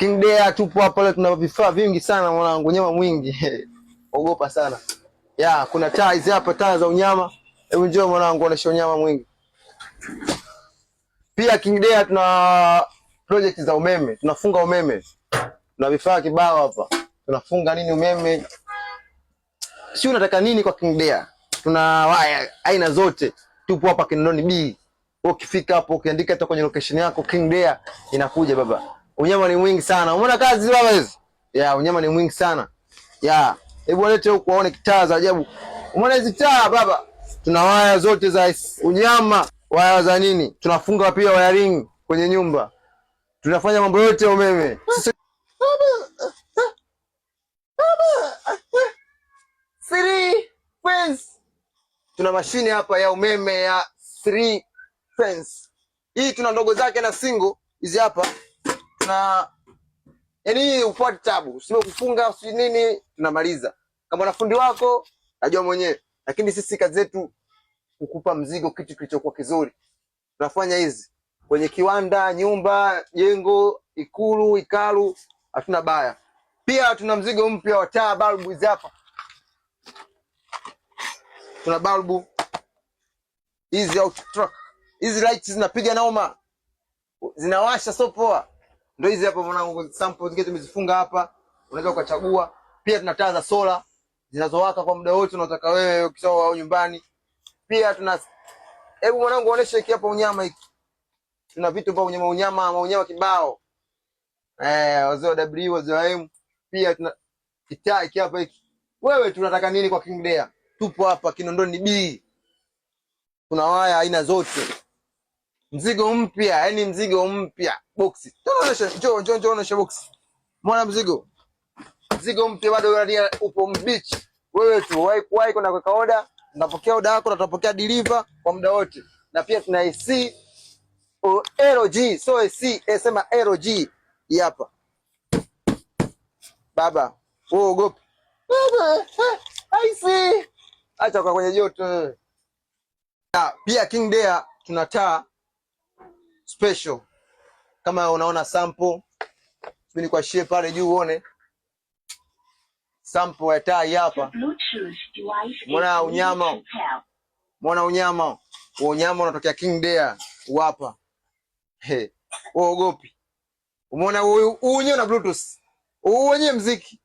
King Dea tupo hapa leo, tuna vifaa vingi sana mwanangu, unyama mwingi ogopa sana ya, kuna taa hizi hapa, taa za unyama. Hebu njoo mwanangu, onesha unyama mwingi. Pia King Dea tuna project za umeme, tunafunga umeme, na vifaa kibao hapa, tunafunga nini umeme, si unataka nini kwa King Dea? Tuna waya aina zote, tupo hapa Kinondoni B. Ukifika hapo ukiandika hata kwenye location yako King Dea inakuja baba. Unyama ni mwingi sana. Umeona kazi baba hizi? Ya, unyama ni mwingi sana. Ya, hebu walete huku waone kitaa za ajabu. Umeona hizi taa baba? Tuna waya zote za unyama, waya za nini? Tunafunga pia wiring kwenye nyumba. Tunafanya mambo yote ya umeme. Sisi fence. Tuna mashine hapa ya umeme ya three fence. Hii tuna ndogo zake na single hizi hapa na yani ufuate tabu, sio kufunga si nini, tunamaliza kama wanafundi wako, najua mwenyewe, lakini sisi kazi zetu kukupa mzigo, kitu kilichokuwa kizuri. Tunafanya hizi kwenye kiwanda, nyumba, jengo, ikulu, ikalu, hatuna baya. Pia tuna mzigo mpya wa taa balbu hizi hapa, tuna balbu hizi au truck hizi, lights zinapiga naoma, zinawasha, sio poa. Ndio hizi hapa mwanangu, sample zingine tumezifunga hapa, unaweza ukachagua. Pia tuna taa za sola zinazowaka kwa muda wote unaotaka wewe ukisawa au nyumbani. Pia tuna hebu mwanangu, onesha hiki hapa unyama hiki. Tuna vitu vya unyama unyama, unyama kibao. Eh, wazee wa W, wazee wa M. Pia tuna kitaa hiki hapa hiki. Wewe tunataka nini kwa King Deya? Tupo hapa Kinondoni B. Kuna waya aina zote mzigo mpya, yani mzigo mpya boksi. Tunaonesha, njoo njoo njoo, onesha boksi. mwana mzigo, mzigo mpya bado unalia, upo mbichi. Wewe tu wahi kuwahi kwenda kuweka oda, unapokea oda yako na tutapokea deliver kwa muda wote, na pia tuna AC oh, LG, so AC sema LG hapa baba, wewe ogopi baba, I see, acha kwa kwenye joto. Na pia King Dea tuna taa special. Kama unaona sample, mimi kwa share pale juu uone sample ya tai hapa. Mwana unyama, mwana unyama, unyama unatokea King Dea hapa. He, uogopi? Umeona huyu unyo na Bluetooth, huu wenyewe mziki